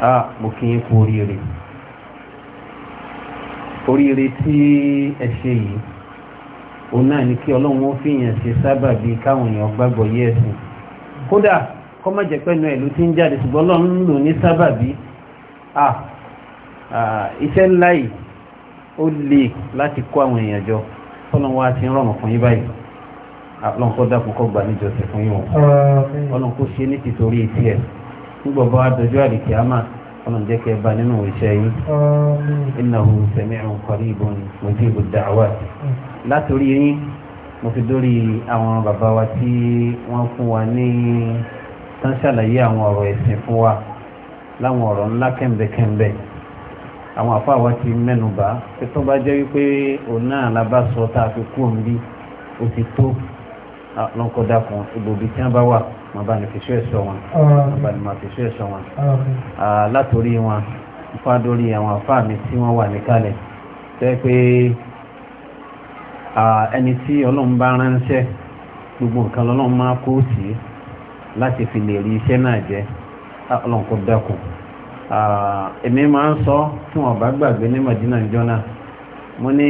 a mo kí yín kú tí ẹ ṣe yìí òun náà ni kí ọlọ́run ó fi yàn ṣe sábà káwọn èèyàn gbàgbọ́ yé ẹ̀sìn kódà kọ́ ẹ̀ ló ti ń jáde ṣùgbọ́n ọlọ́run ń lò ní sábà a iṣẹ́ ńlá yìí ó le láti kó àwọn èèyàn jọ ọlọ́run wa ti ń rọrùn fún yín báyìí ọlọ́run o ọlọ́run ṣe ní tìtorí tiẹ̀. gbogbo adọjọ́ àdìkíámà ọlọ́n jẹ́ kẹ́ bá nínú iṣẹ́ yín innahu sami'un qaribun mujibu da'awat mm. látòrí yín mo fi dórí àwọn bàbá wa tí wọ́n fún wa ní tán ṣàlàyé àwọn ọ̀rọ̀ ẹ̀sìn fún wa láwọn ọ̀rọ̀ ńlá kẹ́ńbẹ́kẹ́ńbẹ́ àwọn àfáà wa ti mẹ́nu bà tó bá jẹ́ wípé òun náà la bá sọ tá a fi kú òun bí ó ti tó lọ́nkọ́ dákun ibòbí tí wọ́n bá wà wọ́n bá ní fìṣẹ́ ẹ̀sọ́ wọn wọ́n bá ní máa fìṣẹ́ ẹ̀sọ́ wọn. látòrí wọn fádórí àwọn àfáà mi tí wọ́n wà níkàlẹ̀ tẹ́ pé ẹni tí ọlọ́run bá ránṣẹ́ gbogbo nǹkan lọ́lọ́run máa kó sí láti fi lè rí iṣẹ́ náà jẹ́ lọ́nkọ́ dákun. èmi máa ń sọ tí wọ́n gbàgbé ní Madina jọ́nà mo ní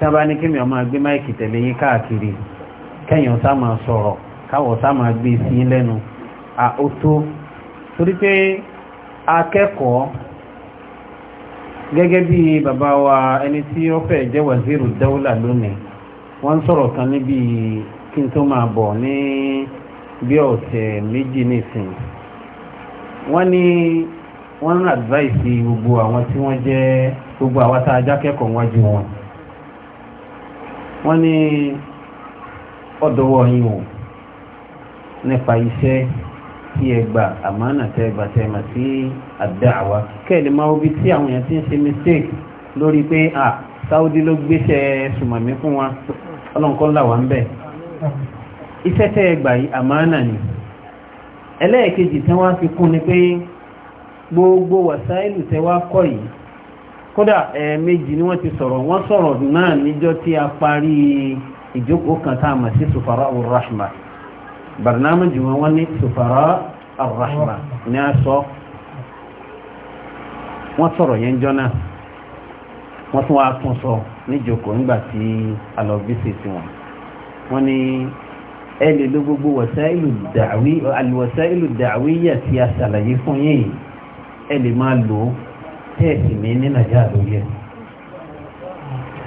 tábánikẹ́mi ọmọ agbé máìkì tẹ̀lé yín káàkiri kẹ́yìn ọ̀sá máa sọ̀rọ̀ káwọ̀ ọ̀sá máa gbé sí lẹ́nu àótó torí pé akẹ́kọ̀ọ́ gẹ́gẹ́ bí bàbá wa ẹni tí ó fẹ́ jẹ́ wàzírù dáúlà lónìí wọ́n sọ̀rọ̀ kan níbi kí n tó máa bọ̀ ní bí ọ̀sẹ̀ méjì nìsín wọ́n ní wọ́n ń advice gbogbo àwọn tí wọ́n jẹ́ gbogbo àwọn tá a jákẹ́kọ̀ọ́ wájú wọn wọ́n ní ọ̀dọ́wọ́ yín o nípa iṣẹ́ tí ẹ gbà àmánà tẹ́ gbà tẹ́ mà sí àdáàwá kẹ́lẹ̀ máa wọ́n bí tí àwọn èèyàn ti ń ṣe mistake lórí pé à sáúdí ló gbéṣẹ́ sùmọ̀mí fún wa ọlọ́nkọ́ ńlá wa ń bẹ̀ iṣẹ́ tẹ́ ẹ gbà yìí àmánà ni ẹlẹ́ẹ̀kejì tí wọ́n fi kún ni pé gbogbo wàsáìlù tẹ́ wá kọ́ yìí kódà ẹ̀ẹ̀mejì ni wọ́n ti sọ̀rọ̀ wọ́n sọ̀rọ̀ náà níjọ́ tí a parí ìjókòó kan tá a mọ̀ sí sufara ar-rahma barnaamij wọn wọ́n ní sufara ar-rahma ní a sọ wọ́n sọ̀rọ̀ yẹn jọ náà wọ́n tún wá tún sọ níjókòó nígbà tí alọ́bísì sí wọn wọ́n ní ẹ lè lo gbogbo wasailu da'wi al-wasailu tí a ṣàlàyé fún yín ẹ lè máa lò ó tẹ́ẹ̀sì mi ní nàìjíríà lórí ẹ̀.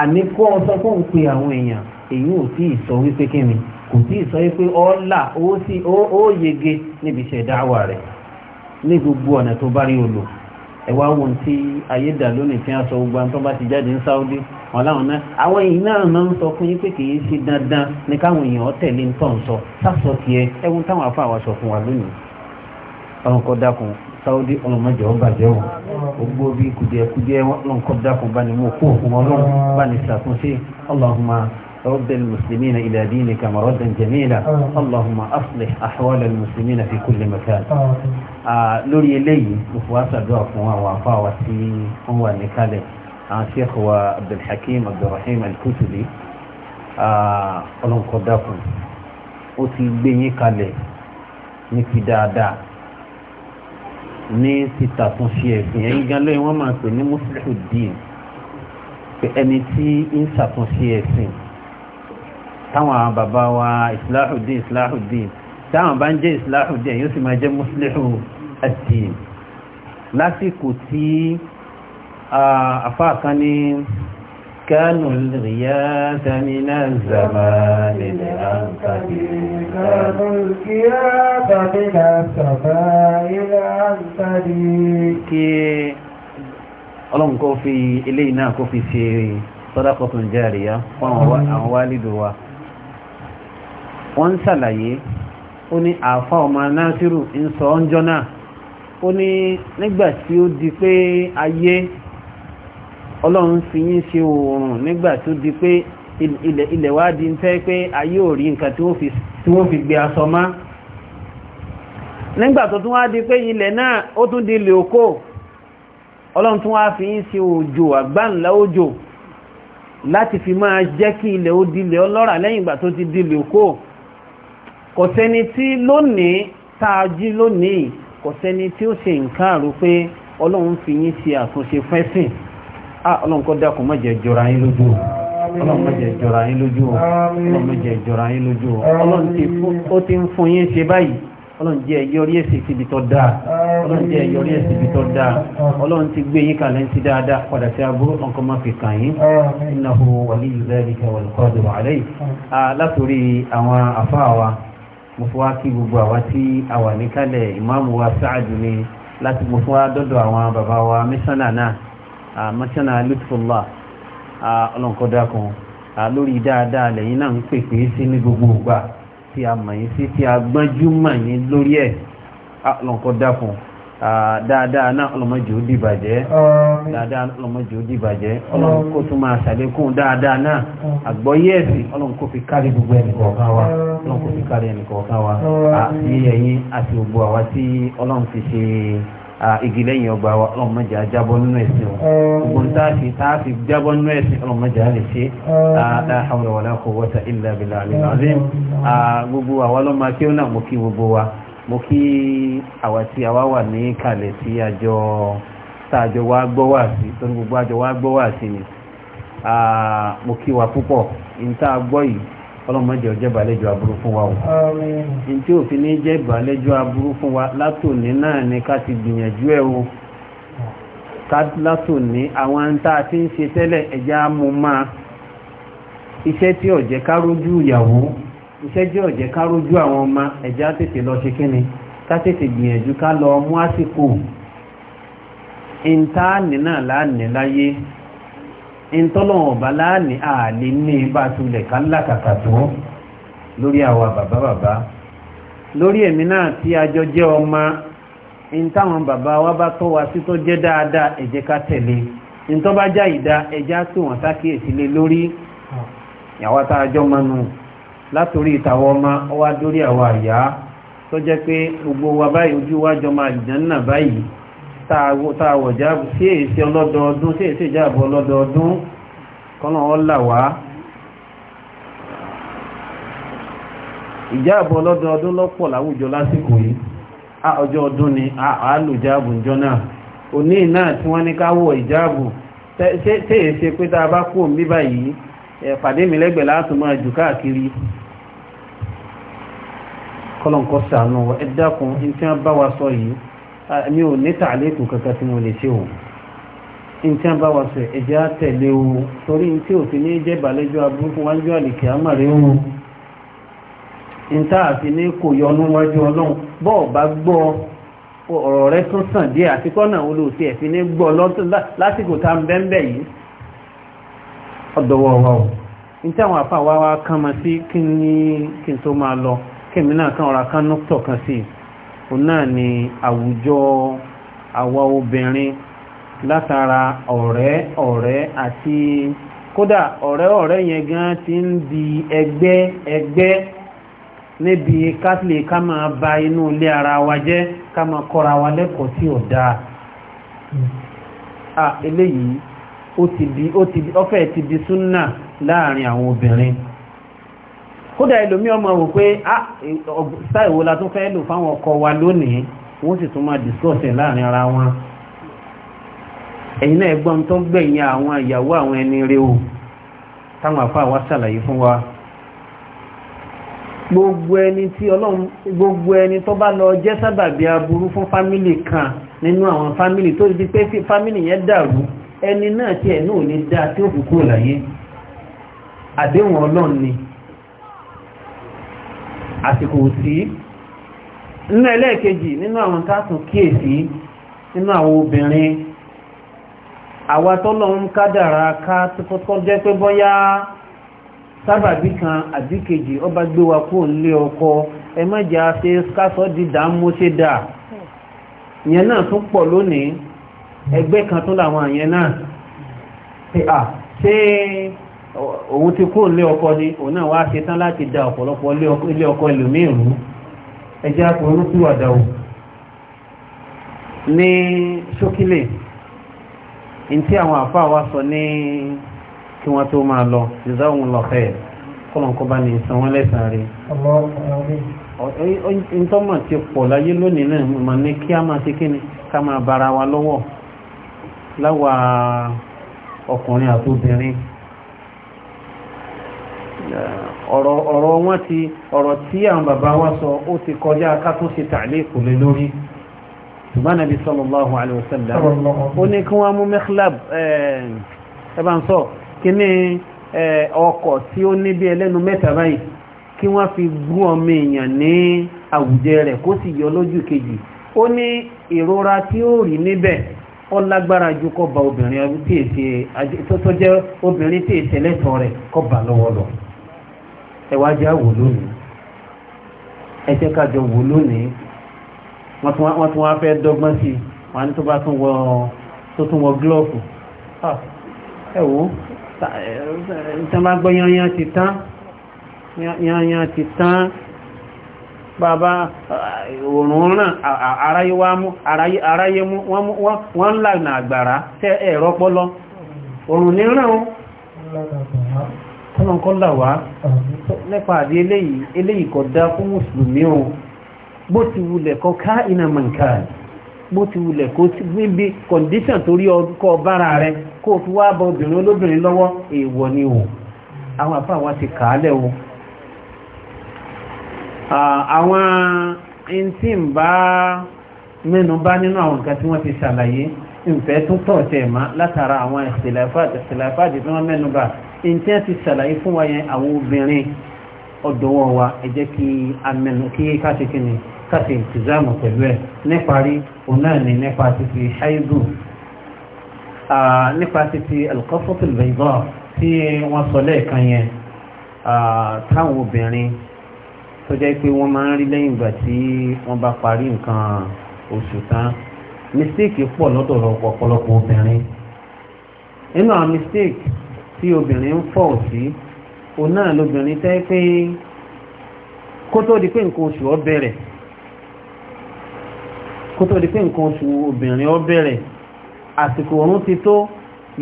àníkọ́ ọ̀sán kó ń pe àwọn èèyàn èyí ò tí ì sọ wípé kí ni kò tí ì sọ wípé ó yege níbi iṣẹ́ dáwà rẹ̀ ní gbogbo ọ̀nà tó bá rí olò ẹ̀wá wọn tí ayé tí wọ́n sọ gbogbo àwọn tó bá ti jáde ní Saudi wọn láwọn náà àwọn èyí náà máa ń dandan ní káwọn èèyàn tẹ̀lé ń tọ̀ ń sọ sásọ tiẹ̀ ẹ̀wọ̀n afọ àwọn fún wa lónìí ọ̀run sáwọ́dí ọlọ́mọjọ́ bàjẹ́ o gbogbo bí kùdìẹ̀kùdìẹ̀ wọn náà kọ́ dákun bá ní mú kó òkun ọlọ́run bá ní ṣàtúnṣe Allahumma رد المسلمين إلى دينك مردا جميلا اللهم أصلح أحوال المسلمين في كل مكان lórí eléyìí مفواسة دعا fún àwọn àfáà wa tí wọ́n wà ní kalẹ̀ àwọn Sheikh wa Abdulhakim Abdulrahim Al-Kutubi ọlọ́nkọ̀ dákun ó ti gbé yín kalẹ̀ ní ti dáadáa ní títà tún ṣe ẹ̀sìn ẹ̀yìn gan lóyún wọ́n máa pè ní mùsùlùmí dín pé ẹni tí ń ṣàtúnṣe ẹ̀sìn táwọn bàbá wa ìsìláhùdín ìsìláhùdín táwọn bá ń jẹ́ ìsìláhùdín yóò sì máa jẹ́ mùsùlùmí ẹ̀sìn lásìkò tí àfáà kan ní. كانوا الغياث من الزمان الأنقدي كانوا الغياث من السماء الأنقدي كي ọlọ́run kó fi eléyìí náà kó fi ṣe sọ́dákọ̀tún járíyà fún àwọn wálìdò wa wọ́n ń ṣàlàyé ó ní àfá ọmọ násírù ń sọ ọ́njọ́ náà ó ní nígbà ó di pé ayé ọlọ́run fi yín ṣe oòrùn nígbà tó di pé ilẹ̀ wá di ń tẹ́ pé ayé ò rí nǹkan tí wọ́n fi gbé aṣọ má nígbà tó tún wá di pé ilẹ̀ náà ó tún di ilẹ̀ oko ọlọ́run tún wá fi yín ṣe òjò àgbáǹlá òjò láti fi máa jẹ́ kí ilẹ̀ ó di ilẹ̀ ọlọ́rà lẹ́yìn ìgbà tó ti di ilẹ̀ oko kò sẹ́ni tí lónìí tààjí lónìí kò sẹ́ni tí ó ṣe nǹkan àrò pé ọlọ́run fi yín ṣe àtúnṣe fẹ́sìn Ah, ọlọ́nkọ́ dákun má jẹ́ jọra yín lójú ọlọ́run má jẹ́ jọra yín lójú ọlọ́run má jẹ́ jọra yín lójú ọlọ́run ti ń fún yín ṣe báyìí ọlọ́run jẹ́ yọrí èsì síbi tó dáa ọlọ́run jẹ́ yọrí èsì síbi tó dáa ọlọ́run ti gbé yín kalẹ̀ sí dáadáa padà sí aburú ọkọ̀ má fi kàn yín innahu waliyyu dhalika wal qadiru alayhi látòrí àwọn àfáà wa mo fọwọ́ kí gbogbo àwa tí a wà níkàlẹ̀ ìmáàmù wa sáàdù ni láti mo fọwọ́ dọ́dọ̀ àwọn bàbá wa mísánà náà mọ́ṣánná lutfullah ọlọ́nkọ́dákun lórí dáadáa lẹ́yìn náà ń pèpè sí ní gbogbo ìgbà tí a mọ̀ yín sí tí a gbọ́njú mọ̀ yín lórí ẹ̀ ọlọ́nkọ́dákun dáadáa náà ọlọ́mọdé ó dìbàjẹ́ dáadáa ọlọ́mọdé ó dìbàjẹ́ ọlọ́nkọ́ tó máa ṣàlékún dáadáa náà àgbọ́yé ẹ̀sìn ọlọ́nkọ́ fi kárí gbogbo ẹnìkọ̀ọ̀kan wa ọlọ́nkọ́ fi kárí ẹnìkọ̀ọ̀kan wa igi lẹ́yìn ọgbà wa ọlọ́mọdé ajábọ́ nínú ẹ̀sìn o ogun táàfin táàfin jábọ́ nínú ẹ̀sìn ọlọ́mọdé a lè ṣe la hawla wala quwwata illa billahi alazim gbogbo àwa lọ́mọ akéwọ́n náà mo kí gbogbo wa mo kí àwa tí àwa wà ní kalẹ̀ sí àjọ tààjọ wa gbọ́ wà sí torí gbogbo àjọ wa gbọ́ wà sí ni mo kí wa púpọ̀ ní gbọ́ yìí ọlọ́mọdé ọjọ́ ìbàlẹ́jọ́ aburú fún wa o. ntí òfin ní jẹ́ ìbàlẹ́jọ́ aburú fún wa látòní náà ni ká ti gbìyànjú ẹ̀ o ká látòní àwọn tá a ti ń ṣe tẹ́lẹ̀ ẹ̀já mú máa iṣẹ́ tí ọ̀jẹ̀ ká rójú ìyàwó iṣẹ́ tí ọ̀jẹ̀ ká rójú àwọn ọmọ ẹ̀já tètè lọ ṣe kíni ká tètè gbìyànjú ká lọ mú àsìkò ìntáàní náà láàní láyé ntọ́lọ́wọ̀n ọba láàní àlè ní bá a tulẹ̀ ká lákàtà tó lórí àwa bàbá bàbá lórí èmi náà tí a jọ jẹ́ ọmọ ntáwọn bàbá wa bá tọ́ wa sí tó jẹ́ dáadáa ẹ jẹ́ ká tẹ̀lé ntọ́ba já ìdá ẹja tí wọ́n sákìyèsí lé lórí ìyàwó tá a jọ mọ́nu látòrí ìtàwọ́ ọmọ ọwá dórí àwa àyà tó jẹ́ pé gbogbo wa báyìí ojú wa jọ máa jẹ́ nà báyìí tààwọ̀ jáàbù sí èsì ọlọ́dọọdún sí èsì jáàbù ọlọ́dọọdún kọ́nà ọlà wá ìjáàbù ọlọ́dọọdún lọ́pọ̀ láwùjọ lásìkò yìí a ọjọ́ ọdún ni àálù jáàbù ìjọ náà òní náà tí wọ́n ní káwọ̀ ìjáàbù tẹ́ èsì pé tá a bá kú òun bíbá yìí pàdé mi lẹ́gbẹ̀ẹ́ látùn máa jù káàkiri kọ́lọ̀ǹkọ́ sànù ẹ̀dákun ní wọ́n bá wa sọ yìí Ah, mi ò ní tààlékù kankan tí mo lè ṣe o nǹkan bá wa sọ ẹ̀jẹ̀ á tẹ̀lé o torí tí òfin ní jẹ́ ìbàlẹ́jọ́ abúrúkú wájú àlèkè àmàrí o nǹkan àti ní kò yọnu wájú ọlọ́run bọ́ọ̀ bá gbọ́ ọ̀rọ̀ rẹ tún sàn díẹ̀ àti kọ́nà olóòtú ẹ̀fin ní gbọ́ lọ́tún lásìkò tá à ń bẹ́ńbẹ́ yìí ọ̀dọ̀wọ̀ wa o nítí àwọn àfà wa wá kán mọ́ sí kí ni kí n tó máa lọ kí èmi náà kán ọ̀rà kán nọ́pítọ̀ kan sí i òun náà ni àwùjọ àwa obìnrin látara ọ̀rẹ́ ọ̀rẹ́ àti kódà ọ̀rẹ́ ọ̀rẹ́ yẹn gan ti ń di ẹgbẹ́ ẹgbẹ́ níbi kátìlì ká máa ba inú ilé ara wa jẹ́ ká máa kọ́ra wa lẹ́kọ̀ọ́ tí ò dáa ah eléyìí ó ti di ó ti di ó fẹ́ ti di súnnà láàrin àwọn obìnrin kódà ẹlòmí ọmọ wò pé ah, sáà ìwò la tún fẹ́ lò fáwọn ọkọ wa lónìí wọ́n sì tún máa discuss ẹ̀ láàrin ara wọn ẹ̀yin náà ẹgbọ́n tó gbẹ̀yìn àwọn ìyàwó àwọn ẹni rẹ̀ o táwọn àfáà wa ṣàlàyé fún wa gbogbo ẹni tí ọlọ́run gbogbo ẹni tó bá lọ jẹ́ sábàbí aburú fún fámìlì kan nínú àwọn fámìlì tó di pé fámìlì yẹn dàrú ẹni náà tí ẹ̀ náà lè dá tí ó fi kúrò láyé àdéhùn ọlọ́run ni àsìkò sí nínú ẹlẹ́ẹ̀kejì nínú àwọn tásùn kíyèsí nínú àwọn obìnrin àwa tọ́lọ́run kádàrá ká tó jẹ́ pé bọ́yá sábàbí kan ọba gbé kó ọkọ ẹ má mú ṣe dà ìyẹn náà tún pọ̀ lónìí ẹgbẹ́ kan tún òun ti kó lé ọkọ ni òun náà wá ṣe tán láti da ọ̀pọ̀lọpọ̀ ilé ọkọ ẹlòmíì rú ẹjẹ́ àpò orúkúwàdà o ní ṣókílè ní tí àwọn àfáà wa sọ ní kí wọ́n tó máa lọ ìzáwọn lọ́fẹ́ kọ́lọ̀kọ́ bá ní ìsan wọn lẹ́sàn rí ìtọ́mọ̀ ti pọ̀ ọ̀rọ̀ wọn ti ọ̀rọ̀ tí àwọn bàbá wa sọ ó ti kọjá kátó ṣe tàlẹ́ kò lè lórí ṣùgbọ́n nàbí sallallahu alaihi wasallam ó ní kí wọ́n mú mẹ́kílàb ẹ̀bà ń sọ kí ní ọkọ̀ tí ó ní bí ẹlẹ́nu mẹ́ta báyìí kí wọ́n fi gbú ọmọ èèyàn ní àwùjẹ rẹ̀ kó sì yọ lójú kejì ó ní ìrora tí ó rí níbẹ̀ ó lágbára ju kó ba obìnrin tí èsì ẹwájá wò lónìí ẹjẹ́ kájọ wò lónìí wọ́n tún wá fẹ́ dọ́gbọ́n sí wọ́n ní tó bá tún wọ tó tún wọ gílọ́ọ̀fù ẹ̀wọ́ tán bá gbọ́ yanyan ti tán yanyan ti tán bàbá òòrùn ràn aráyé mú wọ́n ń lànà àgbàrá tẹ́ ẹ̀rọ pọ́lọ́ òòrùn ní ràn ó tọ́nà kọ́ là wá nípa àdé eléyìí eléyìí kọ̀ dá fún mùsùlùmí o bó ti wulẹ̀ kọ́ ká iná mọ̀nkà bó ti wulẹ̀ kó níbi kọ̀ǹdíṣàn torí ọkọ̀ bára rẹ kó o fi wá bọ obìnrin olóbìnrin lọ́wọ́ èèwọ̀ ni o àwọn àfáà wa ti kàálẹ̀ o àwọn tí ń bá mẹ́nu bá nínú àwọn nǹkan tí wọ́n ti ṣàlàyé ìfẹ́ tún tọ̀ tẹ̀ mọ́ látara àwọn ìṣẹ̀lẹ̀ àfáà tí wọ́n mẹ́nu bá ìntẹ́ ti sàlàyé fún wa yẹn àwọn obìnrin ọ̀dọ̀wọ̀ wa ẹ jẹ́ kí amẹ́nu kí káṣe kí ni káṣe ìtìzámù pẹ̀lú ẹ̀ níparí òun náà ni nípa títí ṣáìdù nípa títí alkọ́fọ́tì lẹ́gbọ́ tí wọ́n sọ lẹ́ẹ̀kan yẹn táwọn obìnrin tó jẹ́ pé wọ́n máa ń rí lẹ́yìn ìgbà tí wọ́n bá parí nǹkan oṣù tán mistake pọ̀ lọ́dọ̀ ọ̀pọ̀lọpọ̀ obìnrin nínú àwọn mistake tí obìnrin ń fọ̀ sí òun náà lobìnrin tẹ́ pé kó tó di pé nǹkan oṣù ọ bẹ̀rẹ̀ kó tó di pé nǹkan oṣù obìnrin ọ bẹ̀rẹ̀ àsìkò òórùn ti tó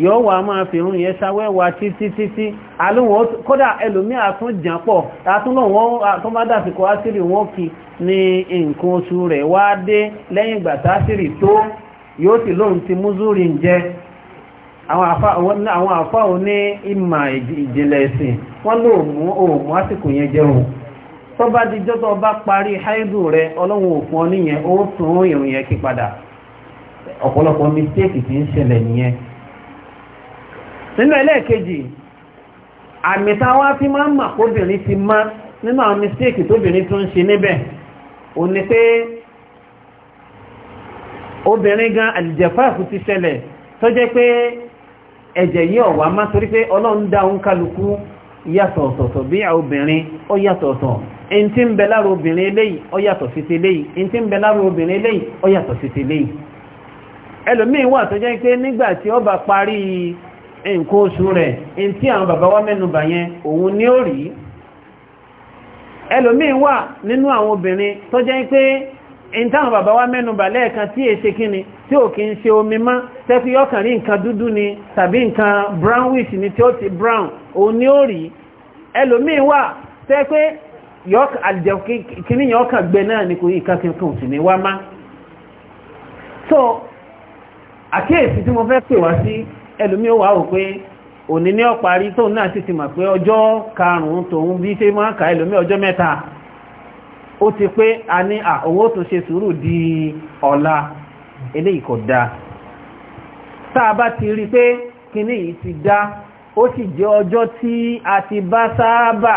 yóò wá máa fi irun yẹn ṣawẹ́wà títí títí alóhùn kódà ẹlòmíì àtún jàn pọ̀ àtúnlọ́wọ́n àtún bá dàsìkò ásírì wọn kì ní nǹkan oṣù rẹ̀ wá dé lẹ́yìn ìgbà tásírì tó yóò sì lóun ti mú jẹ àwọn àfá ò ní ìmà ìjìnlẹ̀ ẹ̀sìn wọ́n ló mú òmù àsìkò yẹn jẹun tó bá bá parí haidu rẹ ọlọ́run òfin ọ níyẹn ó tún ìrùn yẹn kí padà ọ̀pọ̀lọpọ̀ mistake ti ń ṣẹlẹ̀ nìyẹn nínú ẹlẹ́ẹ̀kejì àmì fi máa ń mà kóbìnrin ti má nínú àwọn mistake tóbìnrin tún ń ṣe níbẹ̀ ò ní pé obìnrin ti ṣẹlẹ̀ tó jẹ́ pé ẹ̀jẹ̀ yi ọ̀wà má torí pé ọlọ́run dá ń kálukú yàtọ̀ bí i obìnrin ó yàtọ̀ in tí ń bẹ lára obìnrin eléyìí ó yàtọ̀ sí ti in ń bẹ lára obìnrin ti ẹlòmíín wà tó jẹ́ pé nígbà tí ó rẹ̀ in ti àwọn bàbá wa yẹn òun ó rí ẹlòmíín wà nínú àwọn obìnrin tó in baba bàbá wá mẹ́nubà lẹ́ẹ̀kan ti ese kíni tí o ṣe omi ma tẹ́fí ọkàn ri nkan dúdú ni tàbí nǹkan brownish ni tí o ti brown o ni ó elomi wa wà tẹ́ pé kíní yọ náà ni kò yí ìkan so tí mo fẹ́ pè sí ẹlòmíì na si ti ó ti pé a ní àwọn tó ṣe sùúrù di ọ̀la eléyìí kò dáa tàà bá ti rí pé kíní yìí ti dá ó ti jẹ́ ọjọ́ tí a ti bá sáábà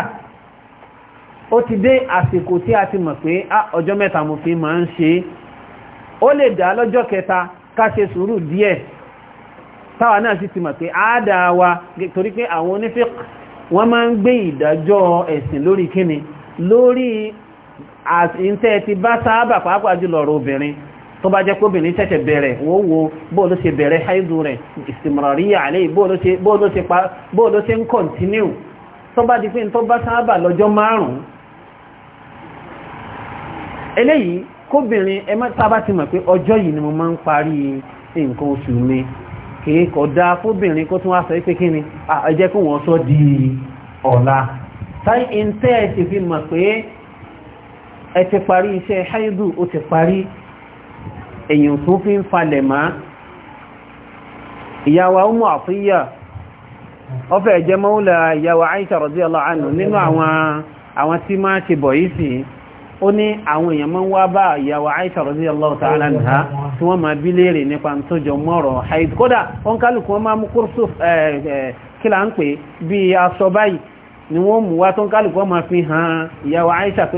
ó ti dé àsìkò tí a ti mọ̀ pé á ọjọ́ mẹ́ta mo fi máa ń ṣe ó lè dá lọ́jọ́ kẹta ká ṣe sùúrù díẹ̀ táwa náà sì ti mọ̀ pé àádáa wa torí pé àwọn onífẹ́ wọ́n máa ń gbé ìdájọ́ ẹ̀sìn lórí kíni lórí as bá sáábà pàápàá jùlọ ọ̀rọ̀ obìnrin tó bá jẹ́ pé obìnrin tẹ́tẹ̀ bẹ̀rẹ̀ wọ́n wo ṣe bẹ̀rẹ̀ haidu rẹ̀ ìsìmọ̀ràríyà alẹ́ bóòló ṣe ń kọ̀ntínú tó bá di pé tó bá sáábà lọ́jọ́ márùn-ún eléyìí kóbìnrin ẹ ti ni mo ẹ ti parí iṣẹ́ haidu ó ti parí èyàn tó fi ń falẹ̀ má ìyàwó ọmọ àfíyà ọfẹ́ ẹ̀jẹ́ Aisha radiyallahu anha nínú àwọn tí máa ti bọ̀ yìí sí ó ní àwọn èèyàn mọ́ wá bá ìyàwó Aisha radiyallahu ta'ala haidu ni wọ́n mú wá tó Aisha pé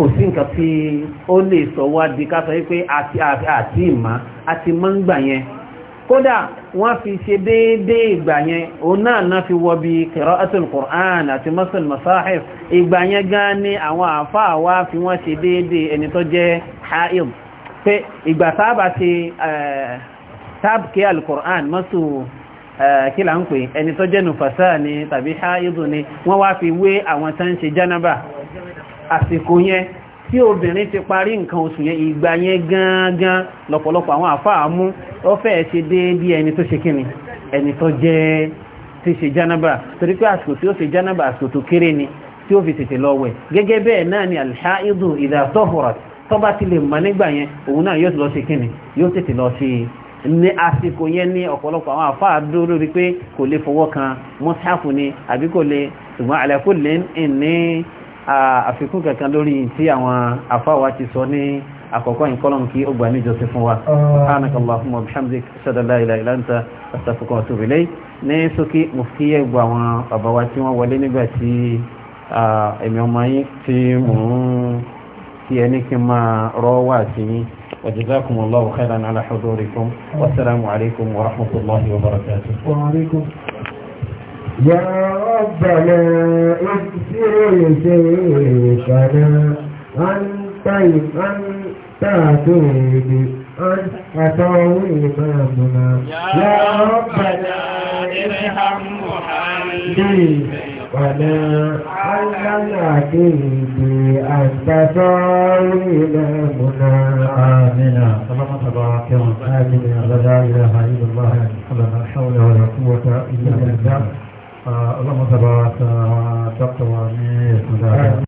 kò sí nǹkan tí ó lè sọ wá di ká sọ wípé àti àti ìmá àti mọ́ ń gbà yẹn kódà wọ́n fi ṣe déédéé ìgbà yẹn òun náà náà fi wọ́ bí qira'atul Qur'an àti masul masahif ìgbà yẹn gan ni àwọn àáfàá wa fi wọ́n ṣe déédéé ẹni tó jẹ́ haid pé ìgbà sábà ṣe tábkì al-Qur'an masu ń pè ẹni tó jẹ́ nùfàṣà ni tàbí haid ni wọ́n wá fi wé àwọn tán ṣe jánábà àsìkò yẹn tí obìnrin ti parí nǹkan oṣù yẹn ìgbà yẹn gangan lọ́pọ̀lọpọ̀ àwọn àfáà mú ó fẹ́ ṣe déédéé ẹni tó ṣe kíni ẹni tó jẹ́ ti ṣe jánábà torí pé àsìkò tí ó ṣe jánábà àsìkò tó kéré ni tí ó fi tètè lọ wẹ̀ gẹ́gẹ́ bẹ́ẹ̀ náà ni alhaidu idha tahurat tó bá ti lè mọ̀ nígbà yẹn òun náà yóò ti lọ ṣe kíni yóò tètè lọ ṣe ní àsìkò yẹn ní ọ̀pọ̀lọpọ̀ àwọn àfáà dúró lórí pé kò lè fọwọ́ kan mọ́sáfù ni àbí kò lè ṣùgbọ́n ala kullin ní àfikún kankan lórí tí àwọn afáwa ti sọ ní àkọ́kọ́ ìkọlọ̀n kí ó gbà ní jọ sí fún wa subhanakallahumma wa bihamdik sadala ila ila anta astaghfiruka wa atubu ilayk ní sókè mo fi yẹ gbọ́ àwọn bàbá wa tí wọ́n wọlé nígbà tí èmi ọmọ yín tí mò ń fi ẹni kí n máa rọ́ wà sí yín wa jazakumullahu khairan ala يا ربنا اغفر لشيخنا أن طيب أن تعتوب أن أتوي إمامنا يا ربنا ارحم محمدي ولا علم كيفي أن تساوي إمامنا آمين اللهم تبارك وتعالى لا إله إلا الله لا حول ولا قوة إلا بالله ọlọ́mọ́sàbà dọ́kítọ̀ wa ní ẹ̀sùn dáadáa